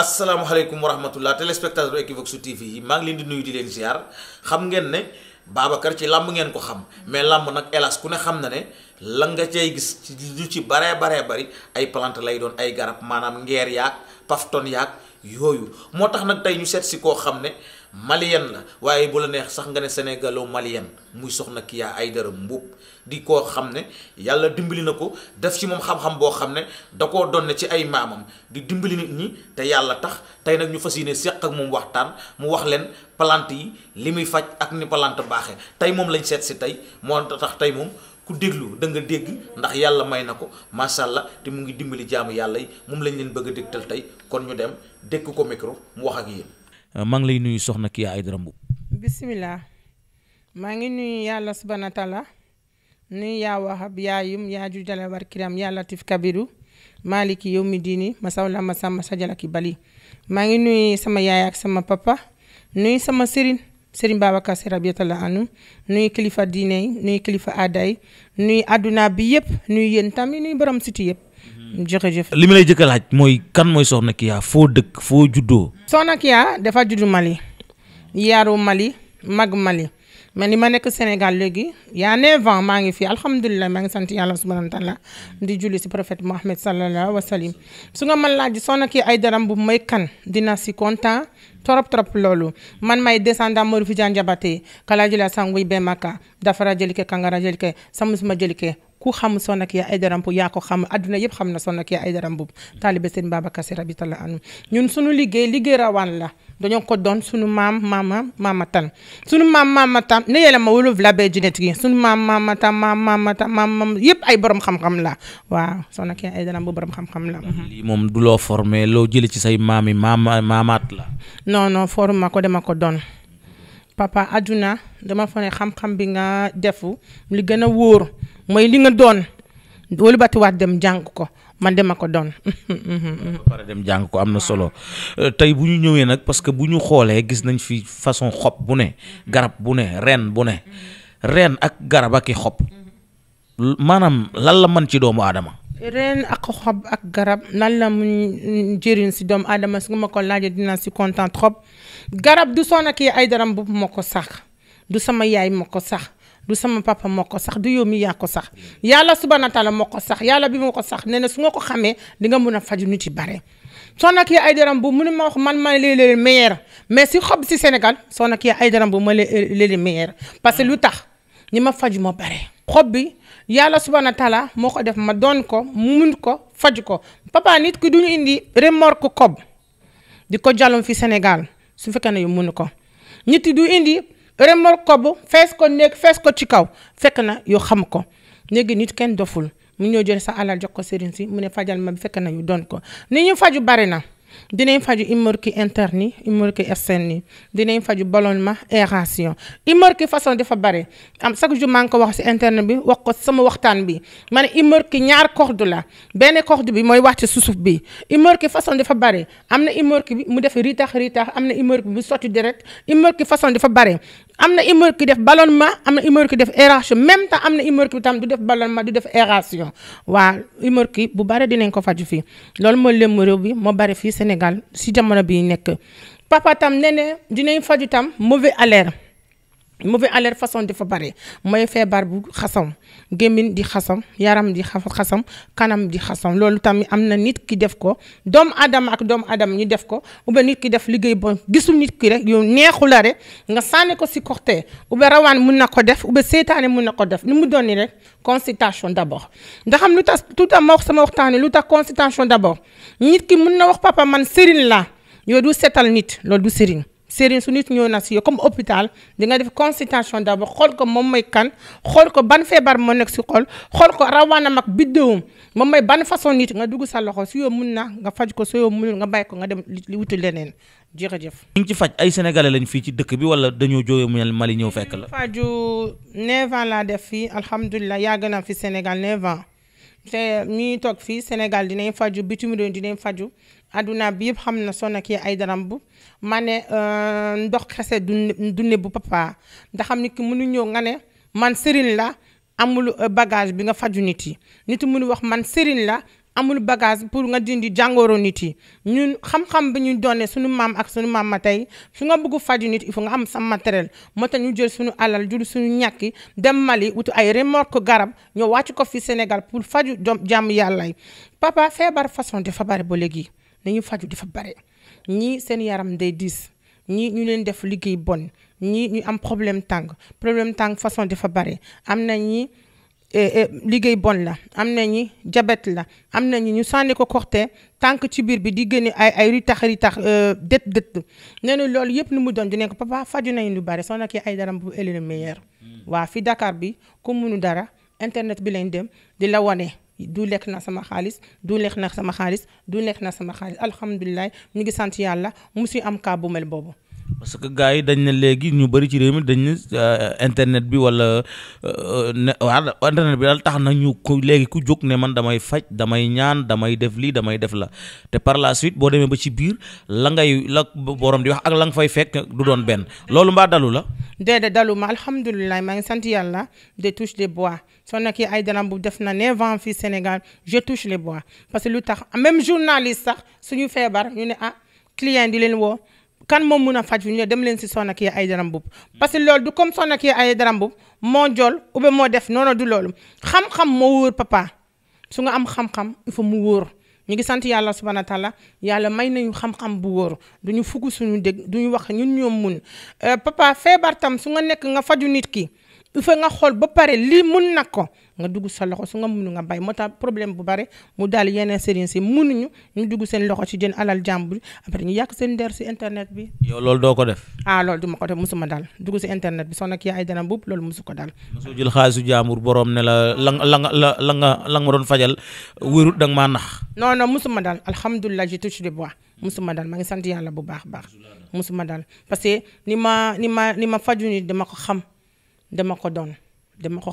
asalaamaaleykum wa rahmatullah téléspectateur Equivox TV yi maa ngi leen di nuyu di leen ziar xam ngeen ne Babacar ci làmb ngeen ko xam mais làmb nag hélas ku ne xam na ne la nga cay gis ci lu ci baree baree bari ay plante lay doon ay garab maanaam ngeer yaag pafton yaag yooyu moo tax nag tey ñu seet si koo xam ne. malienne la waaye bu la neex sax nga ne sénégalo malienne muy soxna ay Aidara Mboup di koo xam ne yàlla dimbali na ko def ci moom xam-xam boo xam ne da koo donne ci ay maamam di dimbali nit ñi te yàlla tax tey nag ñu fas yéene seq ak moom waxtaan mu wax leen plante yi li muy faj ak ni plante baaxee tey moom lañ seet si tey moo tax tey moom ku déglu da nga dégg ndax yàlla may na ko macha te mu ngi dimbali jaamu yàlla yi moom lañ leen bëgg a dégtal tey kon ñu dem dékk ko micro mu wax ak yéen. Euh, maa ngi lay nuyu soxna Kya Aidara Mboup maa ngi nuyu yàlla subhana taala nuyu yaa wahab yaa yum yaa jujala war kiram yaa latif yow mi diini masawla masama sajalaki bali maa ngi nuyu sama yaay ak sama papa nuyu sama sëriñ sëriñ Babacar Sy rabiyallahu anhu kilifa diine yi nuyu kilifa aada yi nuyu àdduna bi yëpp nuyu yéen tamit nuyu siti yëpp. Mhm. jërëjëf. li ma lay jëkk laaj mooy kan mooy soxna Kya foo dëkk foo juddoo. Soxna Kya dafa juddu Mali yaaru Mali mag Mali mais ni ma nekk Sénégal léegi yaa neuf ans maa ngi fi alhamdulilah maa ngi sant yàlla subhanahu wa taala di julli si prophète Mohammed sallallahu wa salim su nga man laaj Soxna Kya ay daram bu may kan dina si kontaan trop trop loolu man may descendant Modou Fidiane Diabaté kala jëla sanguy be makka dafara jëli ke kangara jëli ke samusuma jëli ke ku xam Soxna Kya Aidara Mboup yaa ko xam adduna yëpp xam na Soxna Kya Aidara Mboup taalibe sëñ Babacar Sy rabitalla anu ñun suñu liggéey liggéey rawaan la dañoo ko doon suñu maam mama mama tan suñu maam mama tan ne yàlla ma wolof la bay junet gi suñu maam mama tan maam mama tan maam mam yëpp ay borom xam-xam la waaw Soxna Kya Aidara Mboup borom xam-xam la mm-hmm. lii moom du loo formé loo jëli ci say maam yi maama maamaat la non non foruma ko dama ko doon papa adduna dama fa ne xam-xam bi nga defu li gën a wóor mooy li nga doon wóolu batiwaat dem jàng ko man dama ko doon. ba dem jàng ko am na solo euh, tey bu ñu ñëwee nag parce que bu ñu xoolee gis nañ fi façon xob bu ne mm-hmm. garab bu ne ren bu ne mm-hmm. ren ak garab ak i xob mm-hmm. maanaam lan la man ci doomu aadama. reen ak xob ak garab lan la mu jëriñ si doomu aadama su ma ko laajee dinaa si kontaan trop garab du soxna kii ay dara bu ma ko sax du sama yaay ma ko sax. du sama papa moo ko sax du yow mi yaa ko sax yàlla subhana taala moo ko sax yàlla bi moo ko sax nee na su nga ko xamee di nga mun a faju ñu ci bare yi ay daram bu mu ne ma wax man ma léeg-léeg meilleur mais si xob si Sénégal soo Soxna ay daram bu ma léeg-léeg meilleur parce que lu tax ñi ma faju ma bare xob bi yàlla na taala moo ko def ma doon ko mun ko faju ko papa nit ki duñu indi remorque kob di ko jàllum fi Sénégal su fekkee ne yu mun ko remor ko bu fees ko néeg fees ko ci kaw fekk na yu xam ko léegi nit kenn doful mu ñëw jël sa alal jox ko sëriñ si mu ne fajal ma fekk na yu doon ko ni ñu faju bari na dinañ faju hémorragie interne yi hémorragie externe yi dinañ faju ballonnement aération hémorragie façon dafa bare am chaque jour maa ngi ko wax si interne bi wax ko sama waxtaan bi ma ne hémorragie ñaar corde la benn corde bi mooy wàcc susuf bi hémorragie façon dafa bare am na hémorragie bi mu def riitax riitax am na hémorragie bi mu sotti direct façon dafa bare am na hémorragie ki def ballonnement am na hémorragie ki def aération même temps am na hémorragie bi tam du def ballonnement du def aération waa hémorragie bu bare dinañ ko faju fii loolu mooy lëmm réew bi moo bare fii Sénégal Sénégal si jamono bi nekk papa tam nee na dinañ faju tam mauvais alerte mauvaise alerte façon dafa bare mooy feebar bu xasam gémmiñ di xasam yaram di xasam kanam di xasam loolu tamit am na nit ki def ko doomu adama ak doomu adama ñu def ko ou bien nit ki def liggéey bon gisul nit ki rek yow neexu la rek nga sànni ko si corté ou bien rawaan mun na ko def ou bien mun na ko def nu mu doon ni rek consultation d' abord ndax xam lu tax tout à ma wax sama waxtaane lu tax consultation d' abord nit ki mun na wax papa man sëriñ la yow du seetal nit loolu du sëriñ sëriñ su nit ñoo na si yow comme hôpital dinga nga def consultation d'abord xool ko moom mooy kan xool ko ban feebar moo nekk si xool xool ko rawaanam ak biddéewam moom may ban façon nit nga dugg sa loxo si yow mun na nga faj ko su yow munul nga bàyyi ko nga dem li wuti leneen jërëjëf. ñu ngi ci faj ay sénégalais lañ fii ci dëkk bi wala dañoo jógee mu ne Mali ñëw fekk la. faju neuf ans laa def fii alhamdulilah yàgg naa fi Sénégal neuf ans te ñuy toog fii Sénégal dinañ faju bitim réew dinañ faju adduna bi yëpp xam na ay Aidara Mboup ma ne euh, ndox kese dunne bu papa ndax xam ni ki mënu ñëw nga ne man sëriñ la amul euh, bagage bi nga faju nit yi nit mënu wax man sëriñ la amul bagage pour nga dindi jàngoro nit yi ñun xam-xam bi ñu doone suñu maam ak suñu maam ma tey su nga bëgg faju nit il nga am sa matériel moo tax ñu jël suñu alal jël suñu ñàkki dem Mali wutu ay remorque garab ñoo wàcc ko fi Sénégal pour faju jàmm yàlla yi papa feebar façon dafa ba léegi nañu faju dafa bare ñii seen yaram day diis ñii ñu leen def liggéey bon ñii ñu am problème tàng problème tànk façon dafa bare am na ñi eh, eh, liggéey bon la am na ñi jabet la am na ñi ñu sànni ko koxte tànk ci biir bi di génne ay ay ritax ritax euh, dët dët nee na loolu yëpp nu mu doon di nekk papa faju nañu lu bare soo nekkee ay dara bu ëllëg meilleur hmm. waa fi Dakar bi ku dara internet bi lañ dem di la wane du lekk na sama xaalis du lekk na sama xaalis du lekk na sama xaalis alhamdulilah ñu ngi sant yàlla musuy am kaa bu boobu parce que gars yi dañ na léegi ñu bëri ci réew mi dañ ne euh, internet bi wala euh, ne waaw internet bi daal tax na ñu ku léegi ku jóg ne man damay faj damay ñaan damay def lii damay def la te par la suite boo demee ba ci biir la ngay la borom di wax ak la nga fay fekk du doon benn loolu mbaa dalu la. de dalu ma alhamdulilah maa ngi sant yàlla de touche les bois soo nekkee ay dara bu def na neuf ans fii Sénégal je touche les bois parce que lu tax même journaliste sax suñu feebar ñu ne ah client di leen woo. kan moo mun a faj fu ñu dem leen si Soxna ki ay Mboup parce que loolu du comme Soxna ay Aidara Mboup moo jol ou moo def noonu du loolu xam-xam moo wóor papa su nga am xam-xam il faut mu wóor ñu ngi sant yàlla subhana taala yàlla may nañu xam-xam bu wóor duñu fugg suñu dégg duñu wax ñun ñoom mun euh, papa feebar tam su nga nekk nga faju nit ki il faut nga xool ba pare lii mun nag ko nga dugg sa loxo su nga mënu nga bay moo tax problème bu bare mu daal yeneen sëriñ si mënuñu ñu dugg seen loxo ci jën alal jàmbur après ñu yàq seen der si internet bi. yow loolu doo ko def. ah loolu du ma ko def musuma daal dugg si internet musu ko daal. mosoo jël xaalisu jàmbur borom ne la la la la la la nga ma doon fajal da nga maa nax. non non musuma daal alhamdulilah je touche ma ngi sant yàlla bu baax baax musuma ma ni ma ni ma faju ni dama ko doon dama ko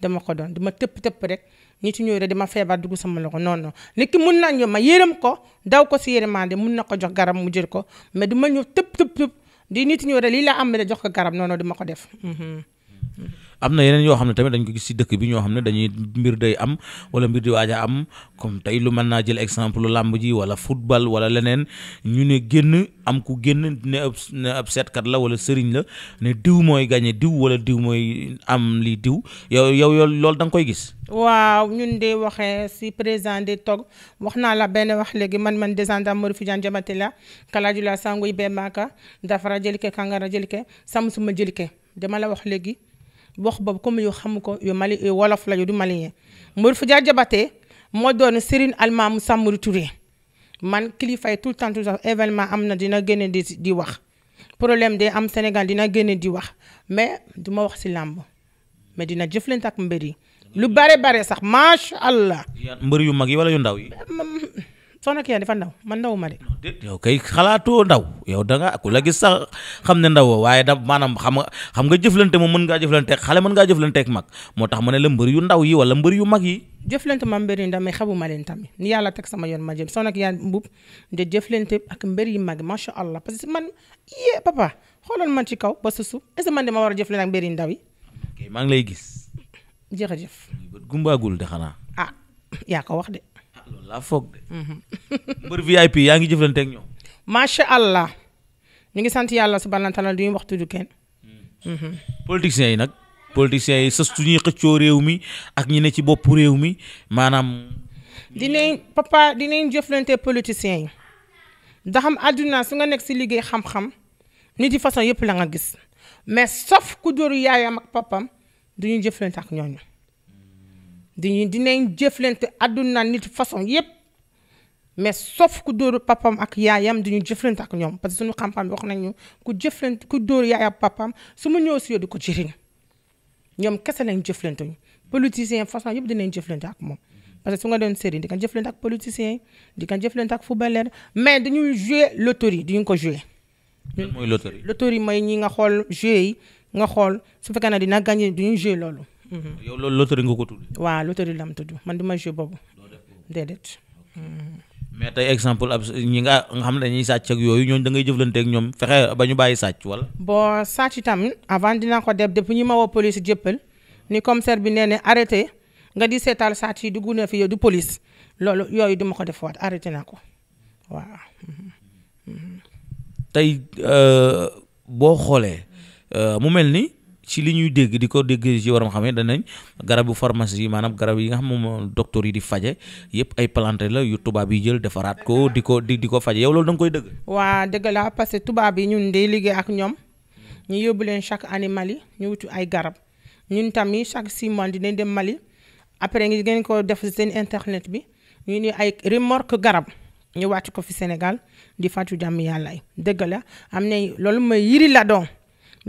dama ko doon ma tëpp tëpp rek nit ñëw rek dama feebar dugg sama loxo non non nit ki mun naa ñëw ma yërëm ko daw ko si yërëmaande mun na ko jox garab mu jël ko mais du ma ñëw tëpp tëpp tëpp di nit ñëw rek lii laa am rek jox ko garab non non dama ko def. Mm-hmm. Mm-hmm. am na yeneen yoo xam ne tamit dañ ko gis ci dëkk bi ñoo xam ne dañuy mbir day am wala mbir di waaja am comme tey lu mën naa jël exemple làmb ji wala futbal wala leneen ñu ne génn am ku génn ne ab ne seetkat la wala sëriñ la ne diw mooy gagné diw wala diw mooy am lii diw yow yow yow loolu da nga koy gis. waaw ñun de waxee si président de toog wax naa la benn wax léegi man man descendant mori fujan jamati la kalaju la sanguy be maaka dafara jëlike kangara jëlike samsuma jëlike dama la wax léegi wax boobu comme yow xam ko yow Mali wolof la yow du mali malien Mor Foudia Diabaté moo doon Serigne Almaamu Samori Touré man kilifa yi tout le temps tout le am na dina génne di di wax problème day am Sénégal dina génne di wax mais du ma wax si làmb mais dina jëflante ak mbër yi lu bare bare sax macha allah. mbër yu mag yi wala yu ndaw yi. soxna Kiné dafa ndaw man ndaw ma de. kay xalaatoo ndaw yow da nga ku la gis ndaw waaye da maanaam xam nga xam nga jëflante moom mën ngaa jëflanteeg xale mën ngaa jëflanteeg mag moo tax ma ne la mbër yu ndaw yi wala mbër yu mag yi. jëflante ma mbër yu ndaw mais xamuma leen tamit ni yàlla teg sama yoon ma jëm soxna Kiné Mboup de jëflante ak mbër yu mag macha allah parce que man yee papa xoolal man ci kaw ba sa suuf est ce que man dama war a jëflante ak mbër yu ndaw yi. ok maa ngi lay gis. jërëjëf. gumbagul de xanaa. ah loolu laa foog de. Mhm. mbër VIP yaa ngi jëflante ñoo ñoom. macha allah ñu ngi sant yàlla subhaanahu wa taala du ñu wax tudd kenn. Hmm. Mhm. politiciens yi nag. politiciens yi sës ñuy xëccoo réew mi ak ñi ne ci bopp réew mi maanaam. dinañ papa dinañ jëflante politiciens yi. ndaxam am su nga nekk si liggéey xam-xam. nit di façon yëpp la nga gis. mais sauf ku dóoru yaayam ak papam du ñu jëflante ak ñooñu. di dinañ jëflante àdduna nit façon yépp mais sauf ku dóoru papam ak yaayam di ñu jëflante ak ñoom parce que suñu xam-xam bi wax nañu ku jëflante ku dóor yaayam papam su mu ñëw si yow di ko jëriñ ñoom kese lañ jëflante ñu politicien façon yëpp dinañ jëflante ak moom parce que su nga doon sëriñ di nga jëflante ak politicien di nga jëflante ak footballeur mais di dañuy jouer loterie di ñu ko jouer. mooy loterie loterie mooy ñi nga xool jouer yi nga xool su fekkee ne dina gagné du ñu jouer loolu. Mm-hmm. yow loolu loterie nga ko tudd. waaw loterie la tudd man du ma joué boobu. déedéet. Mm-hmm. mais tey exemple ab ñi nga xam ne dañuy sàcc ak yooyu ñooñu da ngay jëflanteeg ñoom fexe ba ñu bàyyi sàcc wala. bon sàcc tamit avant dina ko def depuis ñu ma woo police jëppal ni commissaire bi nee ne arrêté nga di seetal sàcc yi dugg na fi yow du police loolu yooyu duma ko def waat arrêté naa ko waaw. Mm-hmm. tey euh, boo xoolee euh, mu mel ni. ci li ñuy dégg di ko dégg ci waram xam ne danañ garabu pharmacie yi maanaam garab yi nga xam moom docteur yi di faje yëpp ay plante la yu tubaab yi jël defaraat ko di ko di di ko faje yow loolu da nga koy dëgg waa dëgg la parce que tubaab yi ñun day liggéey ak ñoom ñu yóbbu leen chaque année Mali ñu wutu ay garab ñun tamit chaque six mois dinañ dem Mali après ngi ngeen ko def seen internet bi ñu ni ay remorque garab ñu wàcc ko fi Sénégal di fàttu jàmm yàlla yi dëgg la am na loolu mooy yiri la doon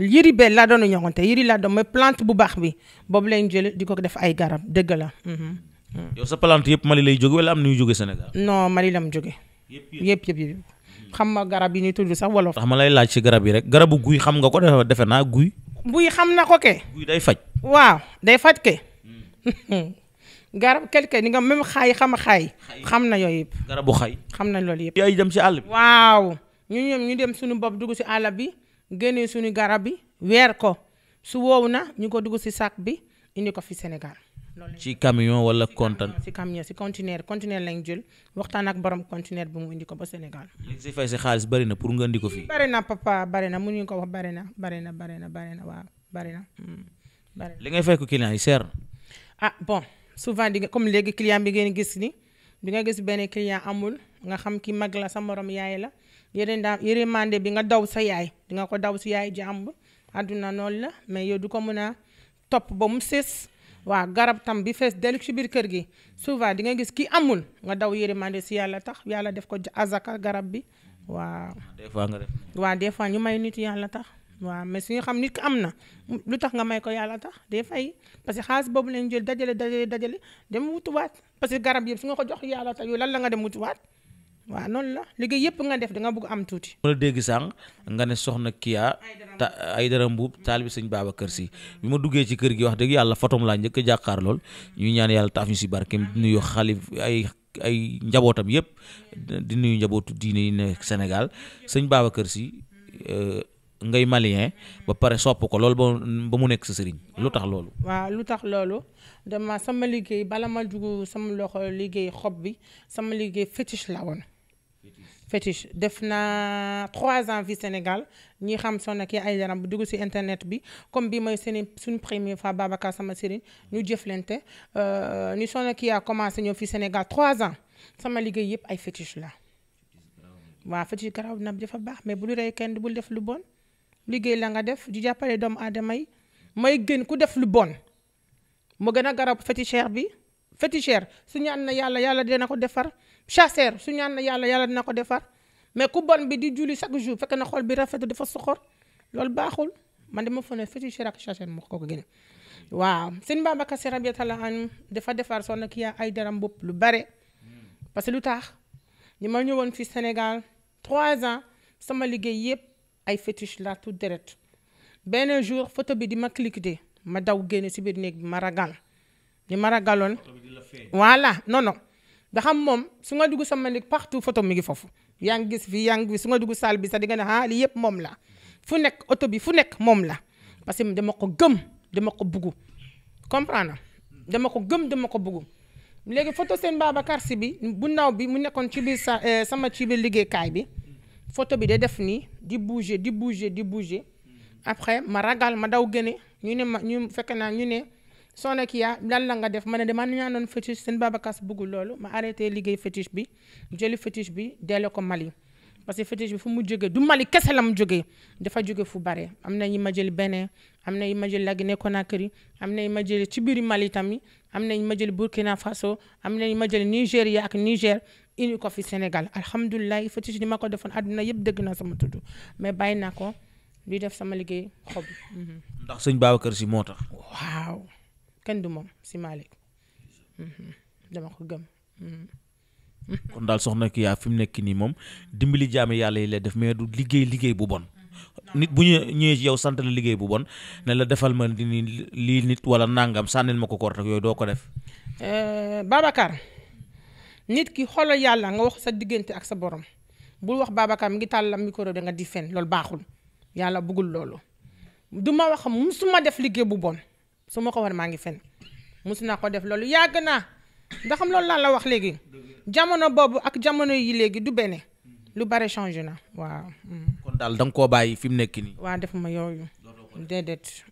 yëri bel laa doon ñoxonte yëri laa doon mooy plante bu baax bi boobu lañ jël di ko def ay garab dëgg la. Mhm. Mhm. yow sa plante yëpp Mali lay jóge wala am na ñuy jóge Sénégal. non Mali la mu jóge. yëpp yëpp xam nga garab yi ñuy tudd sax wolof. tax ma lay laaj ci garab yi rek garabu guy xam nga ko defe defe naa guy. buy xam na ko ke. guy day faj. waaw day faj ke. Hmm. garab quelque ni nga même xaay xam xaay. xam na yooy yëpp. garabu xaay. xam na loolu yëpp. yaay dem ci àll bi. waaw ñu ñu dem suñu bopp dugg ci àll bi. génnee suñu garab bi weer ko su woow na ñu ko dugg si sac bi indi ko fi Sénégal. ci camion wala conteneur ci camion ci conteneur conteneur lañ jël waxtaan ak borom conteneur bi mu indi ko ba Sénégal. li si fay si xaalis bari na pour nga indi ko fii. bari na papa bari na mënuñu ko wax bari na bari na na bari na waaw hmm, bari na. li ngay fay ko client yi seer ah bon souvent di nga comme léegi client bi ngeen gis ni di nga gis benn client amul nga xam ki mag la sa moroom yaay la yërëndaa yërëmande bi nga daw sa yaay di nga ko daw si yaay jàmb àdduna noonu la mais yow du ko mën a topp ba mu sës waa garab tam bi fees dell ci biir kër gi souvent di nga gis ki amul nga daw yërëmande si yàlla tax yàlla def ko azaka garab bi waa des fois nga def waaw des fois ñu may nit yàlla tax. waa mais su ñu xam nit ki am na lu tax nga may ko yàlla tax day fay parce que xaalis boobu lañ jël dajale dajale dajale dem wutuwaat parce que garab yëpp su nga ko jox yàlla tax yow lan la nga dem wutuwaat. waaw noonu la liggéey yëpp nga def da nga bëgg am tuuti. ma dégg sànq nga ne soxna Kya ta ay dara mbuub taalibi sëñ Babacar Si bi ma duggee ci kër gi wax dëgg yàlla fotom laa njëkk a jàkkaar lool ñaan yàlla taaf ñu si barkeem di nuyu xalif ay ay njabootam yëpp di nuyu njabootu diine yi nekk Sénégal sëñ Babacar Si euh, ngay malien ba pare sopp ko loolu ba mu nekk sa sëriñ lu tax loolu tax dama sama liggéey bala ma jugu sam loxo liggéey xob bi sama liggéey fétiche la woon fétiche def naa trois ans vie Sénégal ñi xam Soxna ay Aidara bu dugg ci internet bi comme bi mooy seen suñu première fois Babacar sama sëriñ ñu jëf jëflante euh, ni Soxna Kya commencé ñëw fi Sénégal trois ans sama liggéey yëpp ay fétiche la waaw fétiche garaaw na dafa baax mais bu lu rey kenn bul def lu bon liggéey la nga def di jàppale doomu aadama yi may gën ku def lu bon mu gën a garab féticheur bi féticheur su ñaan na yàlla yàlla na ko defar. chasseur su ñaan na yàlla yàlla dina ko defar mais ku bon bi di juli chaque jour fekk na xol bi rafet dafa soxor loolu baaxul man dama ma ne féticheur ak chasseur moo ko gën waaw sëñ Babacar Sy radiyallaahu anhu dafa defar Soxna ay Aïdara bopp lu bare parce que lu taax ñu ma ñëwoon fii Sénégal trois ans sama liggéey yëpp ay fétiche la tout deret benn jour photo bi di ma cliquer ma daw génne si biir néeg bi ma ragal li ma ragaloon voilà non da xam moom su nga dugg sama lig partout photo mi ngi foofu yaa ngi gis fii yaa ngi su nga dugg salle bi sax di nga ne ah, yëpp moom la fu nekk oto bi fu nekk moom la parce que dama ko gëm dama ko bugg na dama ko gëm dama ko buggu léegi photo seen Babacar Sy bi bu ndaw bi mu nekkoon ci biir sa eh, sama ci biir liggéeykaay bi photo bi day def nii di bouger di bouger di bouger après ma ragal ma daw gëne ñu ne ma ñu fekk naa ñu ne soxna Kya lan la nga def ma ne na man ñaanoon fétiche seen Babacar bëggul loolu ma arrêté liggéey fétiche bi jëli fétiche bi delloo ko Mali parce que fétiche bi fu mu jógee du Mali kese la mu jógee dafa jóge fu bare am na yi ma jël Benin am na yi ma jël la Guinée Conakry am na ma jël ci biir Mali tamit am na yi ma jël Burkina Faso am na yi ma jël Nigéria ak Niger indi ko fi Sénégal alhamdulilah fétiche ni ma ko defoon àdduna yëpp dëgg naa sama tudd mais bàyyi naa ko di def sama liggéey xob. ndax sëñ Babacar si moo tax. waaw. kenn du moom si Malick mhm, dama ko gëm. Mhm. kon daal soxna ki yaa fi mu nekk nii moom dimbali jaami yàlla yi lay def mais liggéey liggéey bu bon. nit bu ñu ñëwee ci yow sant la liggéey bu bon ne la defal ma ni lii nit wala nangam sànnil ma ko kort ak yooyu doo ko def. Eh, Babacar nit ki xoolal yàlla nga wax sa diggante ak sa borom bul wax Babacar mi ngi tàll la micro da di fen loolu baaxul yàlla bëggul loolu. du ma wax musuma def liggéey bu bon su ma ko war maa ngi fen mus naa ko def loolu yàgg naa ndaxam xam loolu laa la wax léegi jamono boobu ak jamono yi léegi du bene lu bare changé na waaw. kon daal da nga koo bàyyi fi mu nekk nii. waa def ma yooyu. déedéet.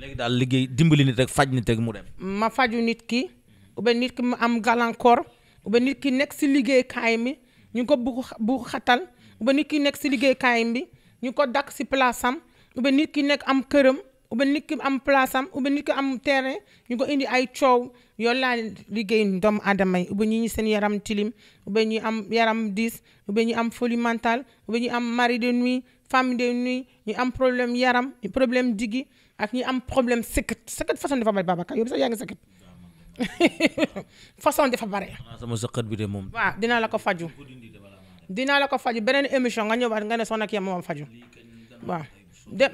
léegi daal liggéey dimbali nit rek faj nit rek mu dem. ma faju nit ki oubien nit ki ma am gàllankoor oubien nit ki nekk si liggéeykaay mi ñu ko bu bu xatal oubien nit ki nekk si liggéey liggéeykaay bi ñu ko dakk si place am oubien nit ki nekk am këram. ou bien am place am ou bien nit am terrain ñu ko indi ay coow yoon laa liggéey doomu aadama yi ou bien ñi seen yaram tilim ou bien ñi am yaram diis ou ñi am folie mentale ou ñi am mari de nuit femme de nuit ñu am problème yaram problème digi ak ñi am problème sëkkat sëkkat façon dafa bari Babacar yow sax yaa ngi sëkkat façon dafa bare. sama sëkkat bi de moom. waaw dinaa la ko faju dinaa la ko faju beneen émission nga ñëwaat nga ne soxna kii moom faju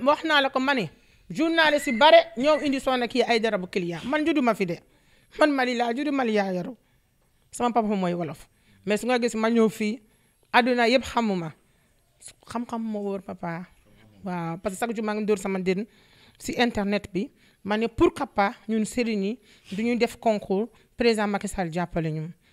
wax naa la ko ma naa journaliste si bare ñoom indi soxna kii ay darabu client man du ma fi de man Mali laa juddu Mali yaa yaru sama papa mooy wolof mais su nga gis ma ñëw fii àdduna yëpp ma xam-xam moo wóor papa waaw parce que chaque jour maa ngi dóor sama dén si internet bi ma ne pourquoi pas ñun sëriñ yi du ñu def concours président Macky Sall jàppale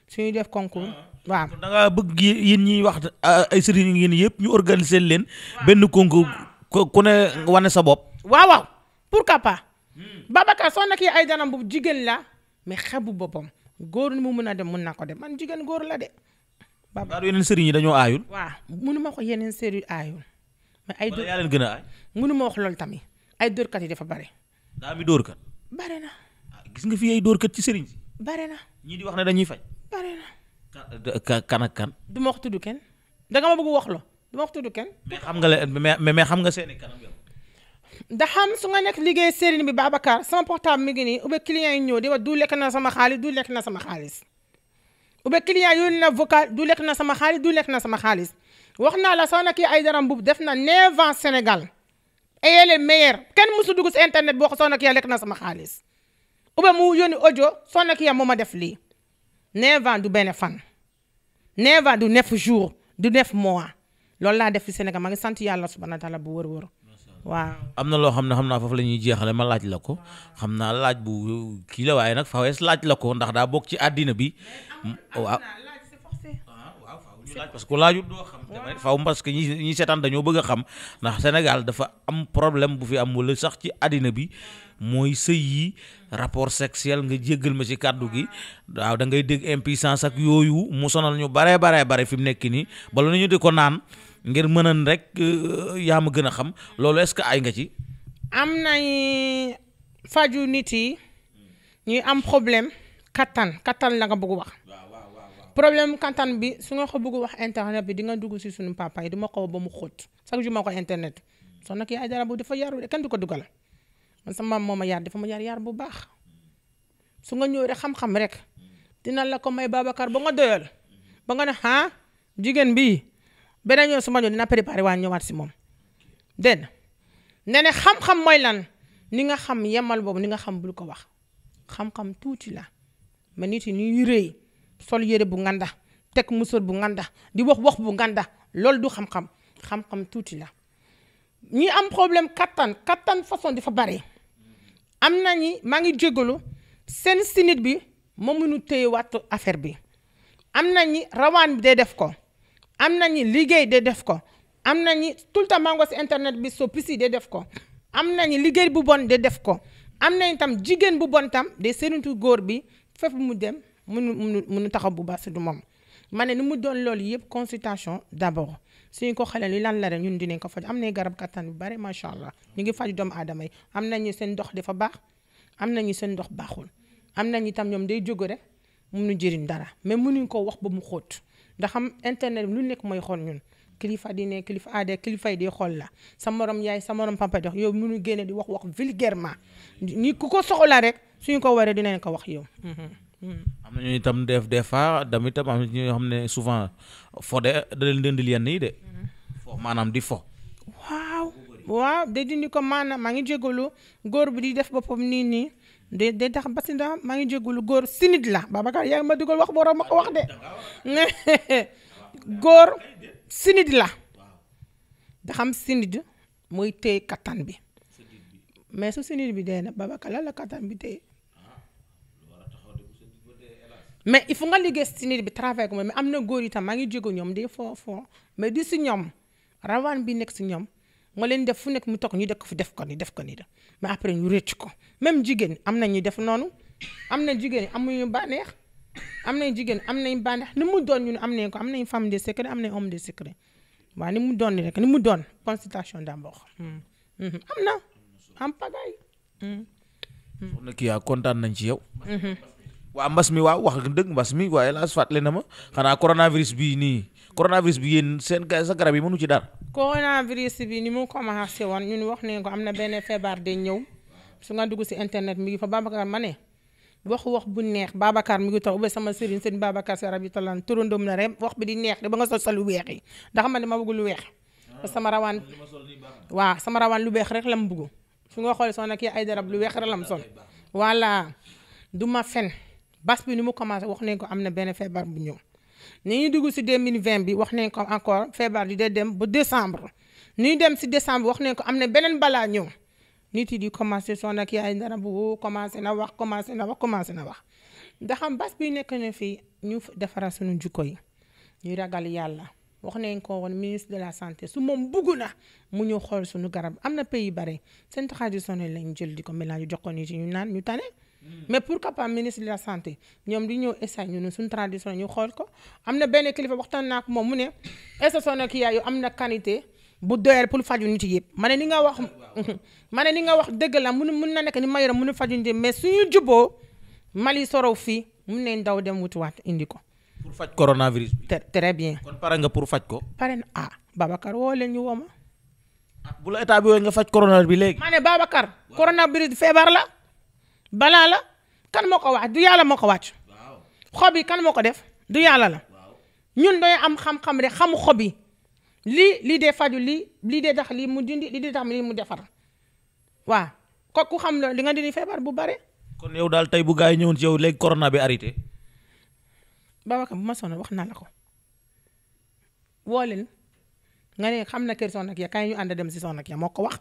su ñuy def concours. Ah. waaw da ngaa bëgg yéen ñuy wax ah, ay sëriñ yi ngeen yëpp ñu organiser leen. benn concours ku ne wane sa bopp. waaw waaw pourquoi pas. Hmm. Babacar soo nekkee ay danam bu jigéen la mais xebu boppam góor mu mun a dem mun naa ko dem man jigéen góor la de. Babacar yeneen sëriñ yi dañoo aayul. waaw munuma ko yeneen sëriñ aayul. mais ay dóor a aay. munuma wax loolu tamit ay dóorkat yi dafa bare. daa mi dóorkat. bare na. Ah, gis nga fi ay dóorkat ci sëriñ si. bare na. ñii di wax ne dañuy faj bare na. kan ak kan. du ma wax tudd kenn danga ma bëgg wax lo du ma wax tudd kenn. mais xam nga leen mais xam nga seeni kanam yow. ndax xam su nga nekk liggéey sëriñ bi Babacar sama portable mi ngi nii client yi ñëw di wa du lekk na sama xaalis du lekk na sama xaalis oubien client yónni na vocal du lekk na sama xaalis du na sama xaalis wax naa la soo ki ay dara mbuub def na neuf ans Sénégal ayez les meilleurs kenn mësu dugg si internet boo ko soo nekkee lekk na sama xaalis oubien mu yónni audio soo nekkee moo ma def lii neuf du benn fan neuf ans du neuf jours du neuf mois lool laa def fi Sénégal ma ngi sant yàlla subhana taala bu wër-wër. waa am na loo xam ne xam naa foofu lañuy jeexale ma laaj la ko xam naa laaj bu kii la waaye nag fawees laaj la ko ndax daa bokk ci àddina bi waaw ah, parce que laajut doo xam faw parce que ñi ñi seetaan dañoo bëgg a xam ndax Sénégal dafa am problème bu fi am wala sax ci àddina bi mooy sëy yi rapport sexuel nga jéggal ma ci kàddu gi waaw da ngay dégg impuissance ak yooyu mu sonal ñu baree baree bare fi mu nekk nii bala nañu di ko naan ngir mënan rek euh, yaam ma gën a xam loolu est-ce que ay nga ci. am nañ faju nit yi ñuy am problème kattan kattan la nga bëgg wax. problème kattan bi su nga ko bëgg wax internet bi di nga dugg si suñu papa yi ma ko ba mu xot chaque jour ko internet soxna ki Aïdara bu dafa yaru kenn du ko dugal man sama maam moo ma yar dafa ma yar yar bu baax su nga ñëw rek xam-xam rek dina la ko may Babacar ba nga doyal ba nga ne ah jigéen bii beneen yoon su ma ñëw dina préparé waa ñëwaat si moom dégg nga ne xam-xam mooy lan ni nga xam yemal boobu ni nga xam bul ko wax xam-xam tuuti la mais nit yi ñuy rëy sol yére bu nganda teg musóor bu nganda di wax wax bu nganda loolu du xam-xam xam-xam tuuti la ñi am problème kattan kattan façon dafa bare am na ñi maa ngi jégalu seen sinit bi ma ñu téye wattu affaire bi am na ñi rawaan bi def ko. am nañu liggéey de def ko am nañu tout le temps maa si internet bi so pisi de def ko am na nañu liggéey bu bon de def ko am nañ tam jigéen bu bon tam de séentu góor bi fépp mu dem munu munu munu taxaw bu baax si du moom ma ne ni mu doon loolu yëpp consultation d'abord suñu ko xale li lan la rek ñun dinañ ko faj am nañ garab kattan bu bare macha allah ñu ngi faj doomu aadama yi am nañu seen ndox dafa baax am nañu seen ndox baaxul am nañu itam ñoom day jóge rek munu jëriñ dara mais munuñ ko wax ba mu xóot ndax am internet lu nekk mooy xool ñun kilifa di ne kilifa aade kilifa yi di xool la sa morom yaay sa morom papa dox yow munu génne di wax wax vulgairement ni ku ko soxla rek suñu ko waree dinañ ko wax yow. Mhm. am na ñu itam def des fois damit itam am na ñoo xam ne souvent da leen dëndil yenn yi de. Mhm. fo maanaam di fo. waaw. waaw de dindi ko maanaam maa ngi jégalu góor bi di def boppam nii nii. de de tax basi ndax maa ngi jégalu góor sinit la Babacar yaa ngi ma dugal wax borom ma ko wax de góor sinit la daxam sinit mooy téye kattan bi mais su sinit bi dee na Babacar la la kattan bi téye mais il faut nga liggéey sinit bi travail ko mais am na góor itam maa ngi jégalu ñoom di foo foo di si ñoom rawaan bi nekk si ñoom. nga leen def fu nekk mu toog ñu def ko fi def ko ni def ko ni da mais après ñu rëcc ko même jigéen am na ñuy def noonu am na jigéen amuñu bànneex am na jigéen am nañ bànneex ni mu doon ñu ne am na ko am nañ femme de secret am na homme de secret waaw ni mu doon ni rek ni mu doon consultation d'abord hmm. Hmm. am na am pagaay hmm. soxna kii kontaan nañ ci yow waa mbas mi waa wax dëgg mbas mi waaye laa fàttali na ma xanaa coronavirus bi nii coronavirus bi yéen seen sa garab yi mënu ci dara coronavirus bi ni mu commencé woon ñun wax nañ ko am na benn feebar de ñëw su nga dugg si internet mi ngi fa Babacar ma ne wax wax bu neex Babacar mu ngi tax ba sama sëriñ sëriñ Babacar si rabi talaan turandoom na rek wax bi di neex de ba nga sol sa lu weex yi ndax man ma bëgg lu weex. Ah. sama rawaan waaw sama rawaan lu weex rek la mu bëgg su nga xoolee soo nag ay darab lu weex rek la mu sol voilà du ma fen bas bi nu mu commencé wax nañ ko am na benn feebar bu ñëw. ni ñuy dugg si 2020 bi wax nañ ko encore feebar bi day dem ba décembre ni dem si decembre wax nañ ko am na beneen balaa ñëw nit di commencé son ak yaay dara bu commencé na wax commencé na wax commencé na wax ndax am bas bi nekk na fii ñu defara suñu jukko yi ñu ragal yàlla wax nañ ko woon ministre de la santé su moom bugg na mu ñëw xool sunu garab am na pays bare seen traditionnel lañ jël di ko mélange jox ko nit yi ñu naan ñu tane. Hmm. mais pourquoi pas ministre de la santé ñoom di ñëw essay ñun suñu tradition ñu xool ko am na benn kilifa waxtaan naa ko moom mu ne station kii yaayu am na qualité bu doyal pour faju nit yëpp ma ne ni nga wax ma ne ni nga wax dëgg la mun mun na nekk ni ma yore mun faju nit mais suñu juboo Mali sorow fii mun nañ daw dem wutuwaat indi ko. pour faj coronavirus bi. très bien. kon pare nga pour faj ko. pare na ah Babacar woo leen ñu woo ma. Ah, bu la état bi woowee nga faj coronavirus bi léegi. ma ne Babacar. coronavirus feebar la. balaa la kan moo ko wàcc du yàlla moo ko wàcc xob yi kan moo ko def du yàlla la ñun doy am xam-xam rek xamu xob yi lii lii dee faju lii lii dee tax lii mu dindi lii dee tax mu defar waaw ko ku xam la li nga dindi feebar bu bare. kon yow daal tey bu gaa yi ñëwoon ci yow léegi corona bi arrêté. Babacar bu ma sonal wax naa la ko woo leen nga ne xam na kër Soxna Kya kaay ñu ànd dem si Soxna Kya moo ko wax.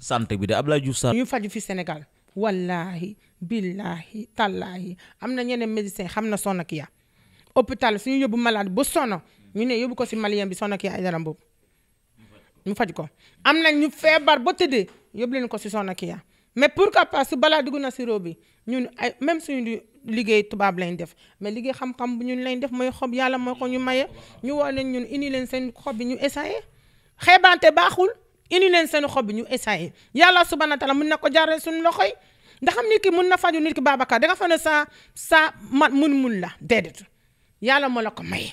santé bi de ab Abdoulaye Diouf Sarr. ñu faj fi Sénégal. wallaahi billaahi tallaahi am na ñeneen médecin xam na Sonakia hôpital suñu yóbbu malade ba sono ñu ne yóbbu ko si malien bi Sonakia ay dara boobu mu faj ko am na ñu feebar ba tëddee yóbbu leen ko si Sonakia mais pourquoi pas su balaa dugg na si bi ñun ay même suñu liggéey tubaab lañ def mais liggéey xam-xam bu ñun lañ def mooy xob yàlla moo ko ñu maye ñu woo leen ñun indi leen seen xob bi ñu essayé xeebante baaxul. indi leen seen xob ñu essayé yàlla subhana taala mun na ko jaaree suñu loxo yi ndaxam xam nit ki mun na faju nit ki Babacar danga fa ne saa sa man mun-mun la dede yàlla moo la ko maye.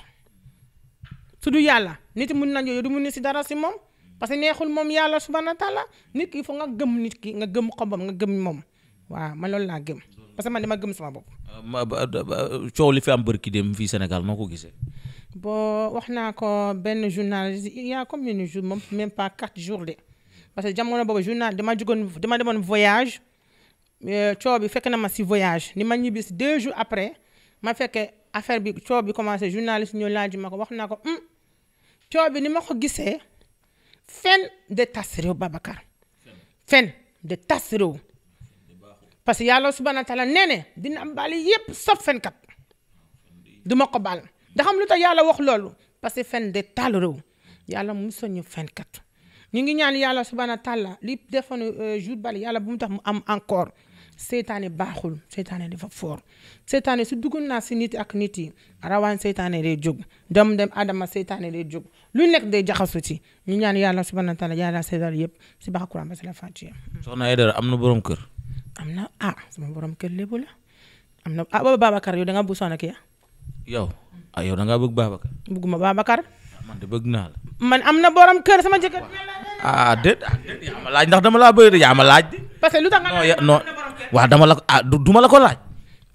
su du yàlla nit mun na yow du mun si dara si moom parce que neexul moom yàlla subhana taala nit ki il nga gëm nit ki nga gëm xobam nga gëm moom waaw man loolu laa gëm parce que man dama gëm sama bopp. Ah, coow li fi am bërki dem fii Sénégal noo ko gisee. boo wax naa ko benn journaliste il comme a combien de moom même pas quatre jours de parce que jamono boobu journal dama jugoon dama demoon voyage euh, coow bi fekk na ma si voyage ni ma ñibbi si deux jours après ma fekkee affaire bi coow bi commencé journaliste ñoo laaj ma ko wax naa ko coow bi ni ma ko gisee fen de tas réew Babacar fen de tas réew parce que yàlla subhana taala nee neene dina am baal yépp sob fenkat du ma ko baal ndax am lu tax yàlla wax loolu parce que fen de taal réew yàlla musul ñu fenkat ñu ngi ñaan yàlla subhaana taala li defoon euh, jour bale yàlla bu mu tax mu am encore seytaane baaxul seytaane dafa foor seytaane si duggoon naa si nit ak nit yi rawaan seytaane day jóg dem dem ma seytaane de jóg lu nekk day jaxasu ci ñu ñaan yàlla subhaana taala yàlla seytaane yëpp si baax Alxuraan ba si la Faatiha soxna Aïdara am na borom kër am na ah sama borom kër lébu la am na ah Babacar yo da nga bu soxna kii ah? yow ah yow da ngaa bëgg Babacar. bëgguma Babacar. Ah, man de bëgg naa la. man am na borom kër sama jëkkër. ah déet ah déet yaa ma laaj ndax dama laa bëri de yaa ma laaj de. parce que lu tax nga non waaw dama la ah du ma la ko laaj.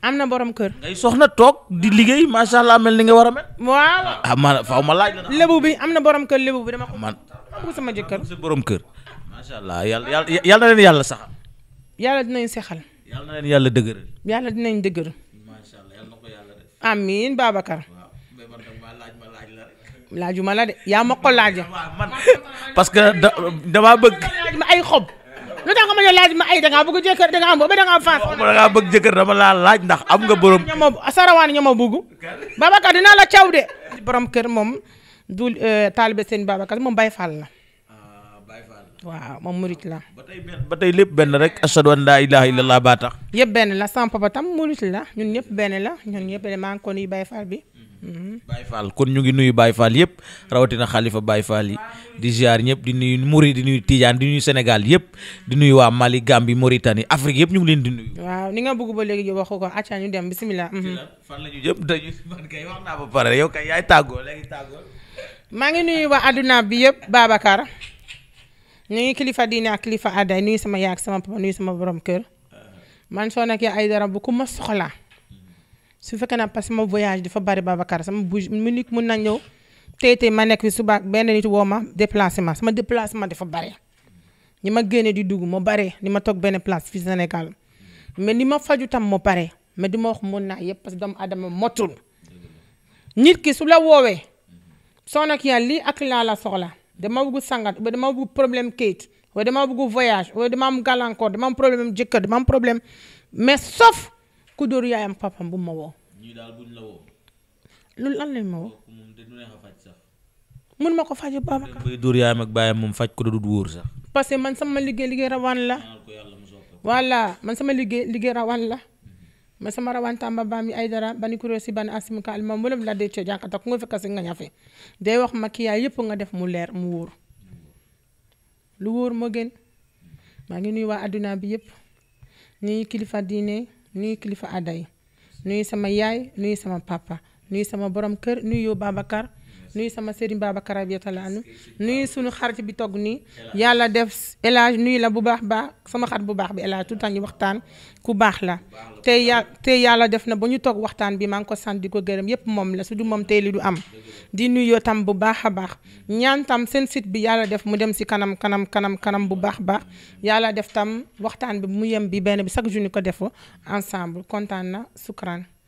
am na borom kër. ngay soxna toog di liggéey macha mel ni nga war a mel. waaw ah man faaw ma laaj. lébu bi am na borom kër lébu bi dama ko. man sama jëkkër. sa borom kër. macha allah yàlla yàlla yàlla na leen yàlla saxal. yàlla dinañ saxal. yàlla na leen yàlla dëgëral. yàlla dinañ amiin Babacar. laajuma la de yaa ma ko laaj. parce que da damaa bëgg. laaj ma ay xob. lu tax nga ma laaj ma ay dangaa bëgg jëkkër dangaa am boobu dangaa faas. dangaa bëgg jëkkër dama laa laaj ndax am nga borom. ñoom sarawaan ñoom a bëgg. dinaa la caw de. borom kër moom du euh, taalibe seen Babacar moom Baye Fall la. waaw moom murit la. ba tey benn ba tey lépp benn rek ashadu laa ilaaha illallah baa tax. yëpp benn la sama papa tam murit la ñun ñëpp benn la ñun ñëpp maa ngi ko nuyu Baye Fall bi. Mm-hmm. kon ñu ngi nuyu Baye Fall yëpp rawatina xalifa bay Fall yi di ziar ñëpp di nuy Mouride di nuyu Tidiane di nuyu Sénégal yëpp di nuyu waa Mali Gambie Mauritanie Afrique yëpp ñu ngi leen di nuyu. waaw ni nga bëgg ba léegi waxu ko acca ñu dem bisimilah. Mm-hmm. fan la ñu man kay wax naa ba pare yow kay yaay tàggoo léegi tàggoo. maa ngi nuyu bi yëpp nuyu kilifa diine ak kilifa àdday nuyu sama yaay ak sama papa nuyu sama borom kër man soo nekkee ay dara bu ku ma su fekkee na parce que sama voyage dafa bari Babacar sama bu Munich mun na ñëw tey ma nekk fi suba benn nit woo ma déplacement sama déplacement dafa bari ñi ma génne di dugg moo bare ni ma toog benn place fii Sénégal mais ni ma faju tam moo pare mais du ma wax mun naa yëpp parce que doomu adama motul nit ki su la woowee soo nekk yaa lii ak laa la soxla dama bëgg sangat wala dama bëgg problème kayit wala dama bëgg voyage wala dama am gàllankoor dama am problème jëkkër dama am problème mais sauf ku dóor yaayam la woo. loolu lan lañ ko faj Babacar. bay ak baayam moom faj ko du wóor sax. parce que man sama liggéey liggéey rawaan la. voilà man sama liggéey liggéey rawaan la. masama rawantamba bami aydara bani kurosi bani asimka alma mulam ladde co jankata ku nga fi kasi nga ñafe day wax maquillage yëpp nga def mu leer mu wóor lu wóor moo gën maa ngi nuy waa adduna bi yëpp nuyu kilifa diine nuyu kilifa aada yi nuyu sama yaay nuyu sama pàppa nuyu sama borom kër nuyu yow Babacar nuyu sama sëriñ Babacar Rabiou Talla anu suñu xarit bi togg nii yàlla def élage nuyu la bu baax baax sama xarit bu baax bi élage tout le temps waxtaan ku baax la tey ya tey yàlla def na ba ñu toog waxtaan bi maa ngi ko sant di ko gërëm yépp moom la su du moom tey li du am di nuyoo tam bu baax a baax ñaan seen site bi yàlla def mu dem si kanam kanam kanam kanam bu baax baax yàlla def tam waxtaan bi mu yem bi benn bi chaque jour ñu ko defoo ensemble kontaan na sucran